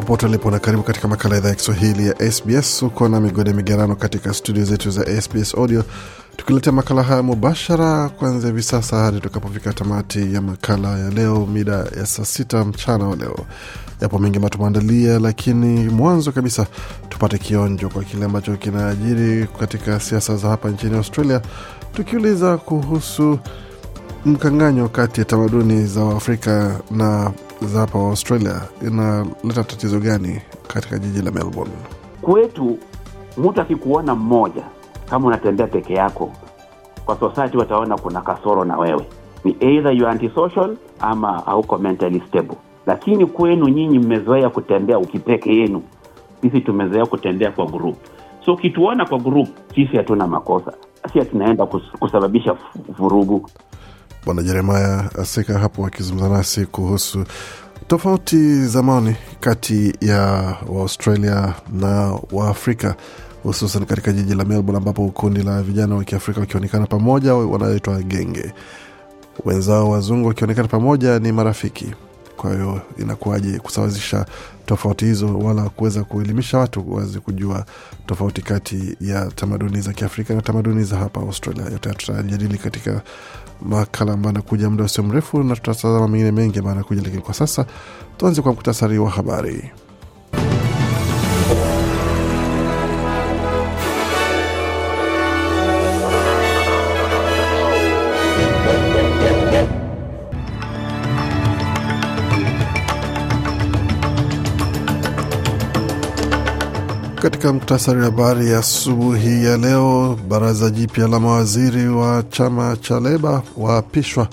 popote ulipo na karibu katika makala idhaa ya Kiswahili ya SBS. Uko na migode migerano katika studio zetu za SBS Audio, tukiletea makala haya mubashara kuanzia hivi sasa hadi tukapofika tamati ya makala ya leo mida ya saa sita mchana wa leo. Yapo mengi ambayo tumeandalia, lakini mwanzo kabisa tupate kionjo kwa kile ambacho kinaajiri katika siasa za hapa nchini Australia, tukiuliza kuhusu mkanganyo kati ya tamaduni za Waafrika na za hapa Australia inaleta tatizo gani katika jiji la Melbourne? Kwetu mtu akikuona mmoja, kama unatembea peke yako, kwa society wataona kuna kasoro na wewe, ni either you antisocial ama hauko mentally stable. Lakini kwenu nyinyi mmezoea kutembea ukipeke yenu, sisi tumezoea kutembea kwa group. So ukituona kwa group, sisi hatuna makosa, si tunaenda kus, kusababisha vurugu. Bwana Jeremaya Aseka hapo akizungumza nasi kuhusu tofauti za maoni kati ya Waaustralia na Waafrika hususan katika jiji la Melbourne ambapo kundi la vijana wa Kiafrika wakionekana pamoja wanaitwa genge, wenzao wazungu wakionekana pamoja ni marafiki. Kwa hiyo inakuwaje kusawazisha tofauti hizo, wala kuweza kuelimisha watu waweze kujua tofauti kati ya tamaduni za Kiafrika na tamaduni za hapa Australia. Yote tutajadili katika makala ambayo anakuja muda usio mrefu, na tutatazama mengine mengi ambayo anakuja, lakini kwa sasa tuanze kwa mktasari wa habari. katika muktasari wa habari ya asubuhi ya leo, baraza jipya la mawaziri wa chama cha Leba waapishwa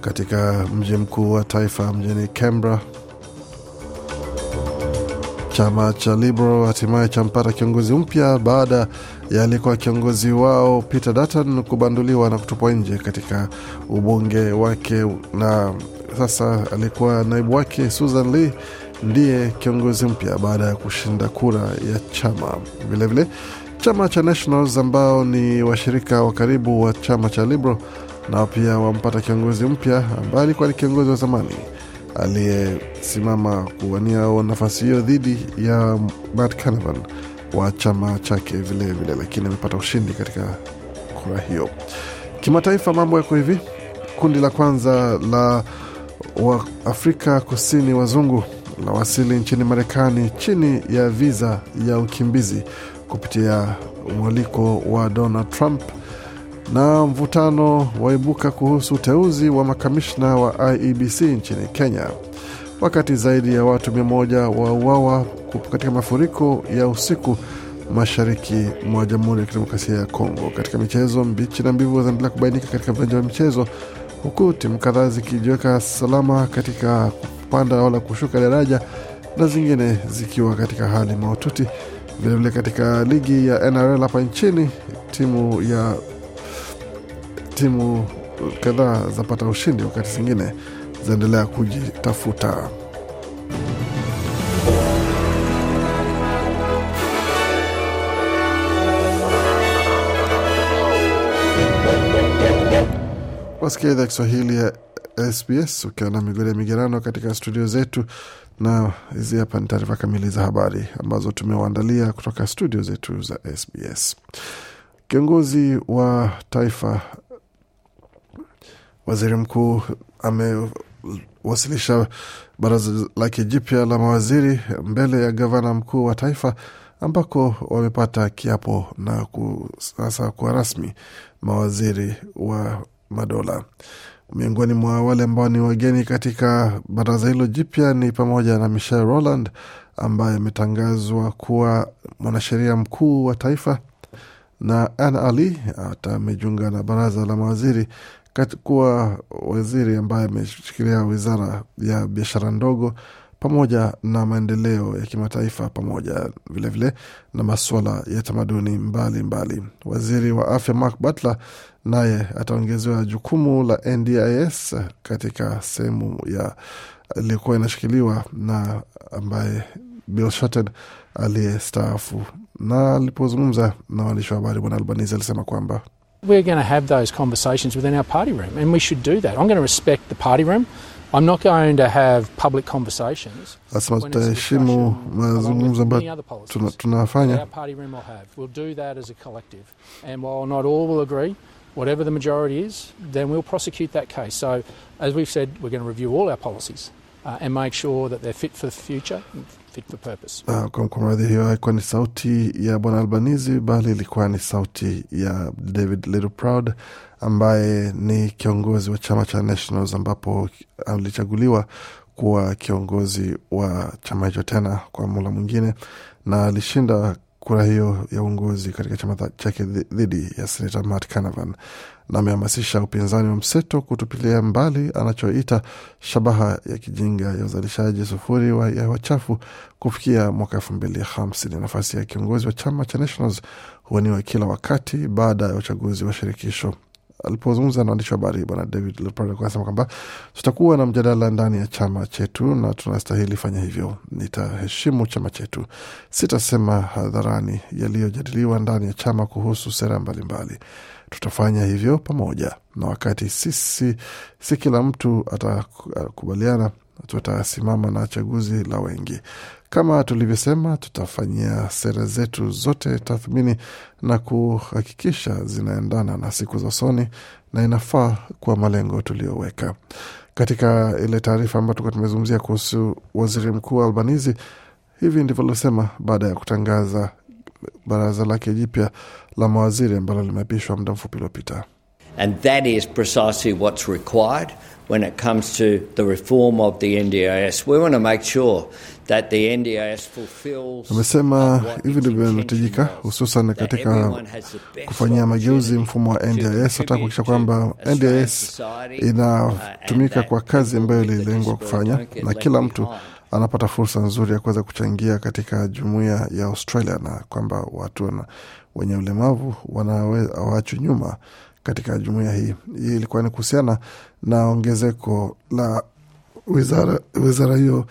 katika mji mkuu wa taifa mjini Canberra. Chama cha Liberal hatimaye champata kiongozi mpya baada ya aliyekuwa kiongozi wao Peter Dutton kubanduliwa na kutupwa nje katika ubunge wake, na sasa aliyekuwa naibu wake Susan Lee ndiye kiongozi mpya baada ya kushinda kura ya chama. Vilevile chama cha Nationals ambao ni washirika wa karibu wa chama cha Liberal nao pia wampata kiongozi mpya ambaye alikuwa ni kiongozi wa zamani aliyesimama kuwania nafasi hiyo dhidi ya Matt Canavan wa chama chake vilevile, lakini amepata ushindi katika kura hiyo. Kimataifa mambo yako hivi. Kundi la kwanza la Waafrika Kusini wazungu la wasili nchini Marekani chini ya viza ya ukimbizi kupitia mwaliko wa Donald Trump, na mvutano waibuka kuhusu uteuzi wa makamishna wa IEBC nchini Kenya, wakati zaidi ya watu mia moja wauawa katika mafuriko ya usiku mashariki mwa Jamhuri ya Kidemokrasia ya Kongo. Katika michezo, mbichi na mbivu zinaendelea kubainika katika viwanja vya michezo, huku timu kadhaa zikijiweka salama katika kupanda wala kushuka daraja na zingine zikiwa katika hali mahututi. Vilevile katika ligi ya NRL hapa nchini timu ya timu kadhaa zapata ushindi, wakati zingine zaendelea kujitafuta. Wasikia idhaa Kiswahili ya SBS ukiwa na ya Migerano katika studio zetu, na hizi hapa ni taarifa kamili za habari ambazo tumewaandalia kutoka studio zetu za SBS. Kiongozi wa taifa, waziri mkuu amewasilisha baraza lake jipya la mawaziri mbele ya gavana mkuu wa taifa ambako wamepata kiapo na sasa kuwa rasmi mawaziri wa madola. Miongoni mwa wale ambao ni wageni katika baraza hilo jipya ni pamoja na michel Roland ambaye ametangazwa kuwa mwanasheria mkuu wa taifa na Anne Ali hata amejiunga na baraza la mawaziri kuwa waziri ambaye ameshikilia wizara ya biashara ndogo pamoja na maendeleo ya kimataifa pamoja vilevile vile na masuala ya tamaduni mbalimbali mbali. Waziri wa afya Mark Butler naye ataongezewa jukumu la NDIS katika sehemu ya iliyokuwa inashikiliwa na ambaye Bill Shorten aliyestaafu, na alipozungumza na waandishi wa habari, Bwana Albanese alisema kwamba We're going to have those conversations within our party room and we should do that. I'm going to respect the party room. I'm not going to have public conversations. Hatutaheshimu mazungumzo ambayo will agree, Whatever the majority is, then we'll prosecute that case. So, as we've said, we're going to review all our policies uh, and make sure that they're fit for the future and fit for purpose. Uh, kwa mradhi hiyo haikuwa eh, ni sauti ya Bwana Albanizi, bali ilikuwa ni sauti ya David Littleproud ambaye ni kiongozi wa chama cha Nationals ambapo alichaguliwa kuwa kiongozi wa chama hicho tena kwa mula mwingine, na alishinda kura hiyo ya uongozi katika chama chake dhidi ya senata Matt Canavan, na amehamasisha upinzani wa mseto kutupilia mbali anachoita shabaha ya kijinga ya uzalishaji sufuri wa ya wachafu kufikia mwaka elfu mbili hamsini. Nafasi ya kiongozi wa chama cha Nationals huaniwa kila wakati baada ya uchaguzi wa shirikisho alipozungumza na waandishi wa habari Bwana David Lepore akasema kwamba tutakuwa na mjadala ndani ya chama chetu na tunastahili fanya hivyo. Nitaheshimu chama chetu, sitasema hadharani yaliyojadiliwa ndani ya chama kuhusu sera mbalimbali mbali. Tutafanya hivyo pamoja, na wakati sisi, si kila mtu atakubaliana, tutasimama na chaguzi la wengi. Kama tulivyosema, tutafanyia sera zetu zote tathmini na kuhakikisha zinaendana na siku za usoni na inafaa kwa malengo tuliyoweka. Katika ile taarifa ambayo tulikuwa tumezungumzia kuhusu waziri mkuu wa Albanizi, hivi ndivyo alivyosema baada ya kutangaza baraza lake jipya la mawaziri ambalo limeapishwa muda mfupi uliopita. And that is precisely what's required when it comes to the reform of the NDIS. We want to make sure that the NDIS fulfills. Amesema hivi ndivyo inahitajika, hususan katika kufanyia mageuzi mfumo wa NDIS, hata kuhakikisha kwamba NDIS inatumika uh, kwa kazi ambayo ililengwa kufanya, na kila mtu anapata fursa nzuri ya kuweza kuchangia katika jumuiya ya Australia, na kwamba watu wenye ulemavu hawaachwi nyuma katika jumuia hii. Hii ilikuwa ni kuhusiana na ongezeko la wizara, wizara hiyo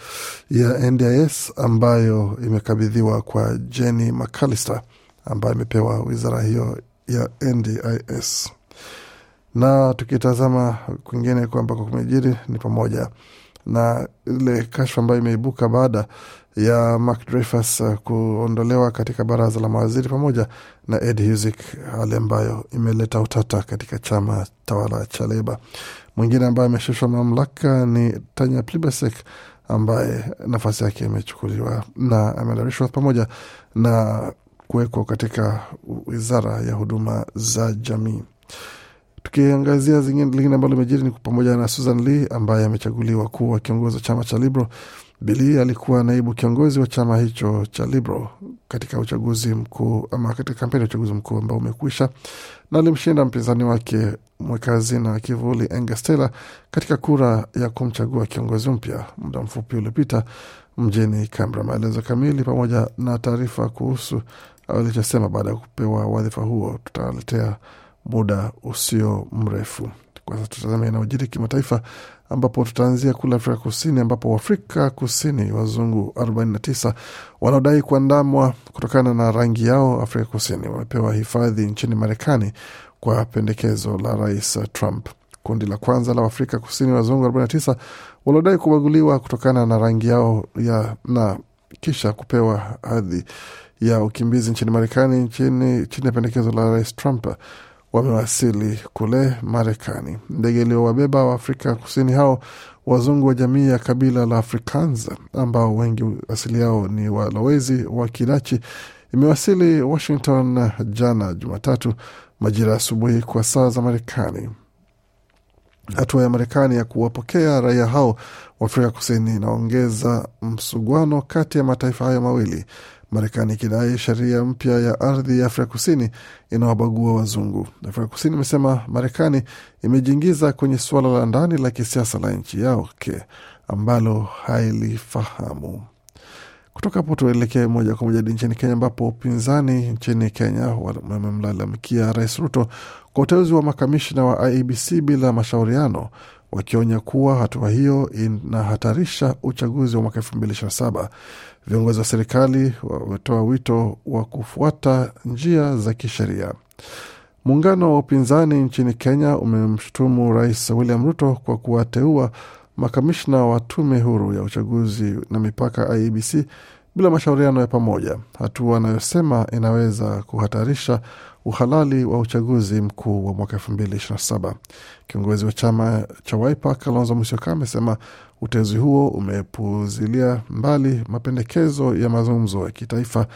ya NDIS ambayo imekabidhiwa kwa Jenny McAllister ambayo imepewa wizara hiyo ya NDIS. Na tukitazama kwingine ambako kumejiri ni pamoja na ile kashfa ambayo imeibuka baada ya Mark Dreyfus eh, kuondolewa katika baraza la mawaziri pamoja na Ed Husic, hali ambayo imeleta utata katika chama tawala cha Leba. Mwingine ambaye ameshushwa mamlaka ni Tanya Plibersek ambaye nafasi yake imechukuliwa na Amela Rishworth pamoja na kuwekwa katika wizara ya huduma za jamii. Tukiangazia zingine lingine ambalo limejiri ni pamoja na Susan Lee ambaye amechaguliwa kuwa kiongozi wa chama cha Liberal Bili alikuwa naibu kiongozi wa chama hicho cha Liberal katika uchaguzi mkuu ama katika kampeni ya uchaguzi mkuu ambao umekwisha, na alimshinda mpinzani wake mweka hazina kivuli Angus Taylor katika kura ya kumchagua kiongozi mpya muda mfupi uliopita mjini Canberra. Maelezo kamili pamoja na taarifa kuhusu alichosema baada ya kupewa wadhifa huo tutaletea muda usio mrefu. Kwanza tutazame inaojiri kimataifa ambapo tutaanzia kule Afrika Kusini, ambapo Waafrika Kusini wazungu 49 wanaodai kuandamwa kutokana na rangi yao Afrika Kusini wamepewa hifadhi nchini Marekani kwa pendekezo la Rais Trump. Kundi la kwanza la Waafrika Kusini wazungu 49 waliodai kubaguliwa kutokana na rangi yao ya na kisha kupewa hadhi ya ukimbizi nchini Marekani chini ya pendekezo la Rais Trump wamewasili kule Marekani. Ndege iliyowabeba Waafrika Kusini hao wazungu wa jamii ya kabila la Afrikanza ambao wengi asili yao ni walowezi wa Kidachi imewasili Washington jana Jumatatu majira ya asubuhi kwa saa za Marekani. Hatua ya Marekani ya kuwapokea raia hao wa Afrika Kusini inaongeza msuguano kati ya mataifa hayo mawili Marekani ikidai sheria mpya ya ardhi ya Afrika Kusini inawabagua wazungu. Afrika Kusini imesema Marekani imejiingiza kwenye suala la ndani la kisiasa la nchi yao ke ambalo hailifahamu. Kutoka hapo tuelekee moja kwa moja hadi nchini Kenya, ambapo upinzani nchini Kenya wamemlalamikia Rais Ruto kwa uteuzi wa makamishina wa IEBC bila mashauriano wakionya kuwa hatua hiyo inahatarisha uchaguzi wa mwaka 2027. Viongozi wa serikali wametoa wito wa kufuata njia za kisheria. Muungano wa upinzani nchini Kenya umemshutumu Rais William Ruto kwa kuwateua makamishna wa tume huru ya uchaguzi na mipaka IEBC bila mashauriano ya pamoja, hatua anayosema inaweza kuhatarisha uhalali wa uchaguzi mkuu wa mwaka saba. Kiongozi wa chama cha Wiper Kalonzo Musyoka amesema uteuzi huo umepuzilia mbali mapendekezo ya mazungumzo ya kitaifa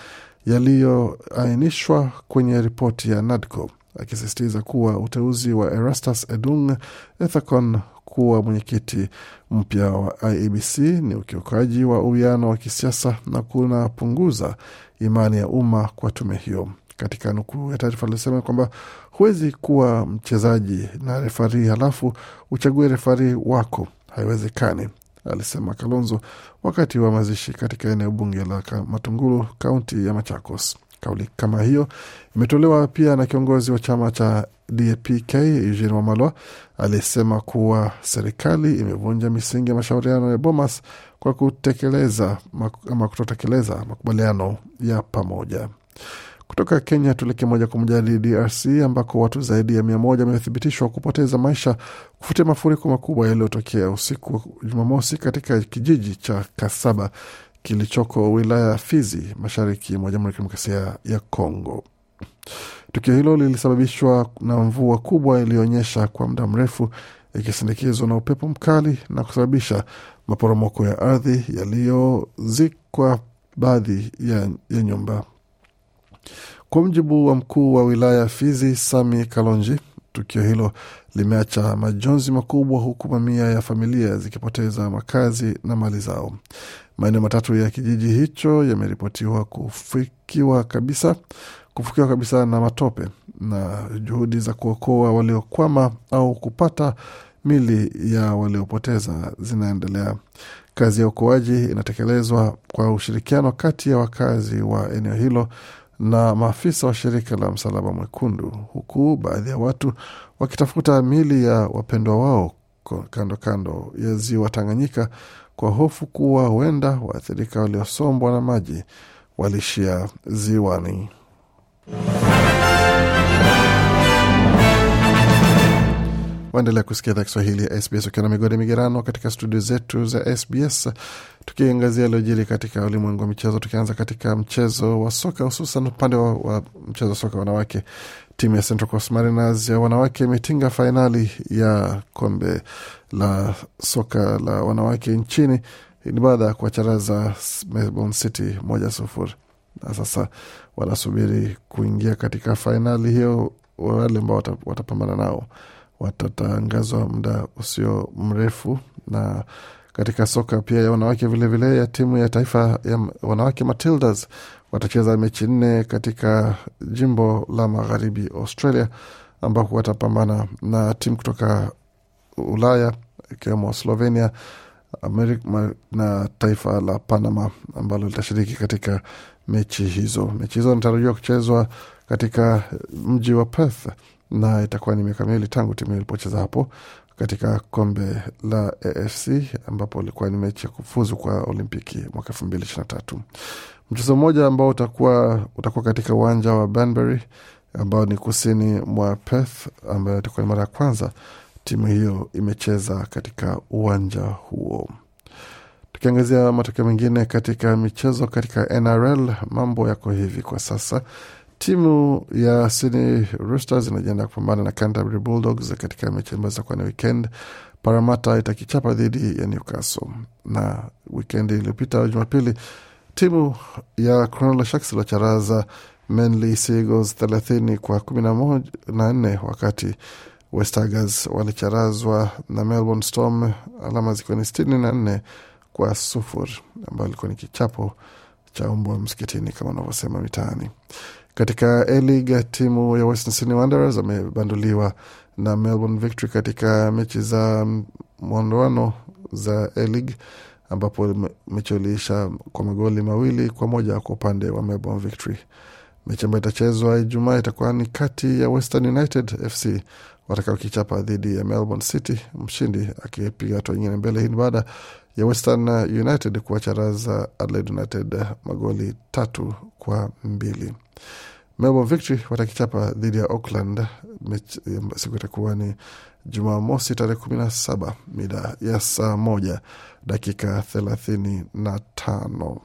yaliyoainishwa kwenye ripoti ya NADCO akisisitiza kuwa uteuzi wa Erastus Edung Ethacon kuwa mwenyekiti mpya wa IEBC ni ukiukaji wa uwiano wa kisiasa na kunapunguza imani ya umma kwa tume hiyo. Katika nukuu ya taarifa alisema kwamba huwezi kuwa mchezaji na refari halafu uchague refari wako, haiwezekani, alisema Kalonzo wakati wa mazishi katika eneo bunge la Matungulu, kaunti ya Machakos. Kauli kama hiyo imetolewa pia na kiongozi wa chama cha dap Eugene Wamalwa aliyesema kuwa serikali imevunja misingi ya mashauriano ya Bomas kwa kutekeleza ama kutotekeleza makubaliano ya pamoja. Kutoka Kenya tuelekee moja kwa moja hadi DRC ambako watu zaidi ya mia moja wamethibitishwa kupoteza maisha kufuatia mafuriko makubwa yaliyotokea usiku wa Jumamosi katika kijiji cha Kasaba kilichoko wilaya ya Fizi, mashariki mwa Jamhuri ya Kidemokrasia ya Kongo. Tukio hilo lilisababishwa na mvua kubwa iliyoonyesha kwa muda mrefu ikisindikizwa na upepo mkali na kusababisha maporomoko ya ardhi yaliyozikwa baadhi ya, ya nyumba. Kwa mjibu wa mkuu wa wilaya ya Fizi, Sami Kalonji, Tukio hilo limeacha majonzi makubwa, huku mamia ya familia zikipoteza makazi na mali zao. Maeneo matatu ya kijiji hicho yameripotiwa kufikiwa kabisa kufukiwa kabisa na matope, na juhudi za kuokoa waliokwama au kupata mili ya waliopoteza zinaendelea. Kazi ya uokoaji inatekelezwa kwa ushirikiano kati ya wakazi wa eneo hilo na maafisa wa shirika la Msalaba Mwekundu, huku baadhi ya watu wakitafuta mili ya wapendwa wao kando kando ya ziwa Tanganyika kwa hofu kuwa huenda waathirika waliosombwa na maji walishia ziwani. Waendelea kusikia idhaa Kiswahili ya SBS ukiwa na migode migerano katika studio zetu za SBS tukiangazia yaliyojiri katika ulimwengu wa michezo, tukianza katika mchezo wa soka, hususan upande wa, wa mchezo wa soka wanawake. Timu ya Central Coast Mariners ya wanawake imetinga fainali ya kombe la soka la wanawake nchini. Ni baada ya kuwacharaza Melbourne City moja sufuri, na sasa wanasubiri kuingia katika fainali hiyo wale ambao watapambana nao watatangazwa muda usio mrefu. Na katika soka pia ya wanawake vilevile vile ya timu ya taifa ya wanawake Matildas watacheza mechi nne katika jimbo la magharibi Australia, ambako watapambana na timu kutoka Ulaya ikiwemo Slovenia Amerika na taifa la Panama ambalo litashiriki katika mechi hizo. Mechi hizo zinatarajiwa kuchezwa katika mji wa Perth na itakuwa ni miaka miwili tangu timu ilipocheza hapo katika kombe la AFC ambapo ilikuwa ni mechi ya kufuzu kwa Olimpiki mwaka elfu mbili ishirini na tatu. Mchezo mmoja ambao utakuwa, utakuwa katika uwanja wa Banbury ambao ni kusini mwa Perth, ambayo itakuwa ni mara ya kwanza timu hiyo imecheza katika uwanja huo. Tukiangazia matokeo mengine katika michezo katika NRL, mambo yako hivi kwa sasa. Timu ya Sydney Roosters inajiandaa kupambana na Canterbury Bulldogs katika mechi ambazo zitakuwa ni weekend. Paramata itakichapa dhidi ya Newcastle, na weekend iliyopita Jumapili timu ya Cronulla Sharks iliocharaza Manly Seagulls thelathini kwa kumi na nne wakati West Tigers walicharazwa na Melbourne Storm alama zikiwa ni sitini na nne kwa sufuri ambayo ilikuwa ni kichapo cha umbwa msikitini kama unavyosema mitaani. Katika A-League timu ya Western Sydney Wanderers amebanduliwa na Melbourne Victory katika mechi za mwondoano za A-League ambapo mechi iliisha kwa magoli mawili kwa moja kwa upande wa Melbourne Victory. Mechi ambayo itachezwa Ijumaa itakuwa ni kati ya Western United FC watakaokichapa dhidi ya Melbourne City, mshindi akipiga hatua nyingine mbele. Hii ni baada ya Western United kuwacharaza Adelaide United magoli tatu kwa mbili. Melbourne Victory watakichapa dhidi ya Auckland. siku itakuwa ni Jumamosi tarehe kumi na saba mida ya saa moja dakika thelathini na tano.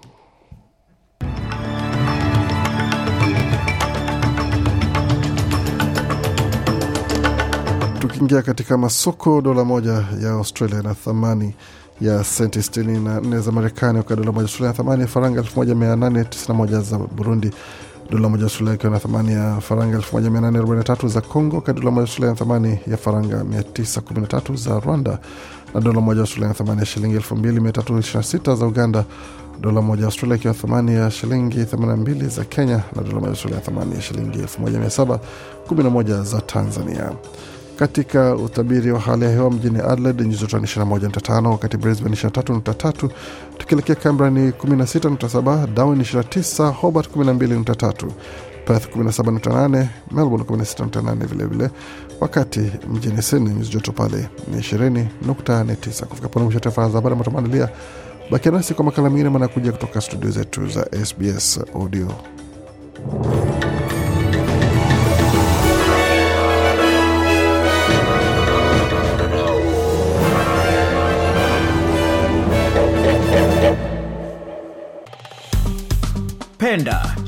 Tukiingia katika masoko, dola moja ya Australia na thamani ya senti 64 za Marekani, kwa dola moja Australia na thamani ya faranga 1891 za Burundi, dola moja Australia ikiwa na thamani ya faranga 1843 za Congo, wakati dola moja Australia na thamani ya faranga 913 za Rwanda, na dola moja Australia na thamani ya shilingi 2326 za Uganda, dola moja Australia ikiwa thamani ya shilingi 82 za Kenya, na dola moja Australia thamani ya shilingi 1711 za Tanzania. Katika utabiri wa hali ya hewa mjini Adelaide nyuzi joto 21.5, wakati Brisbane 23.3, tukielekea Canberra ni 16.7, Darwin 29, Hobart 12.3, Perth 17.8, Melbourne 16.8 vilevile, wakati mjini Sydney nyuzi joto pale ni 20.9. Kufika pone mwisho taarifa za habari matumaandalia. Bakia nasi kwa makala mengine manakuja kutoka studio zetu za SBS Audio.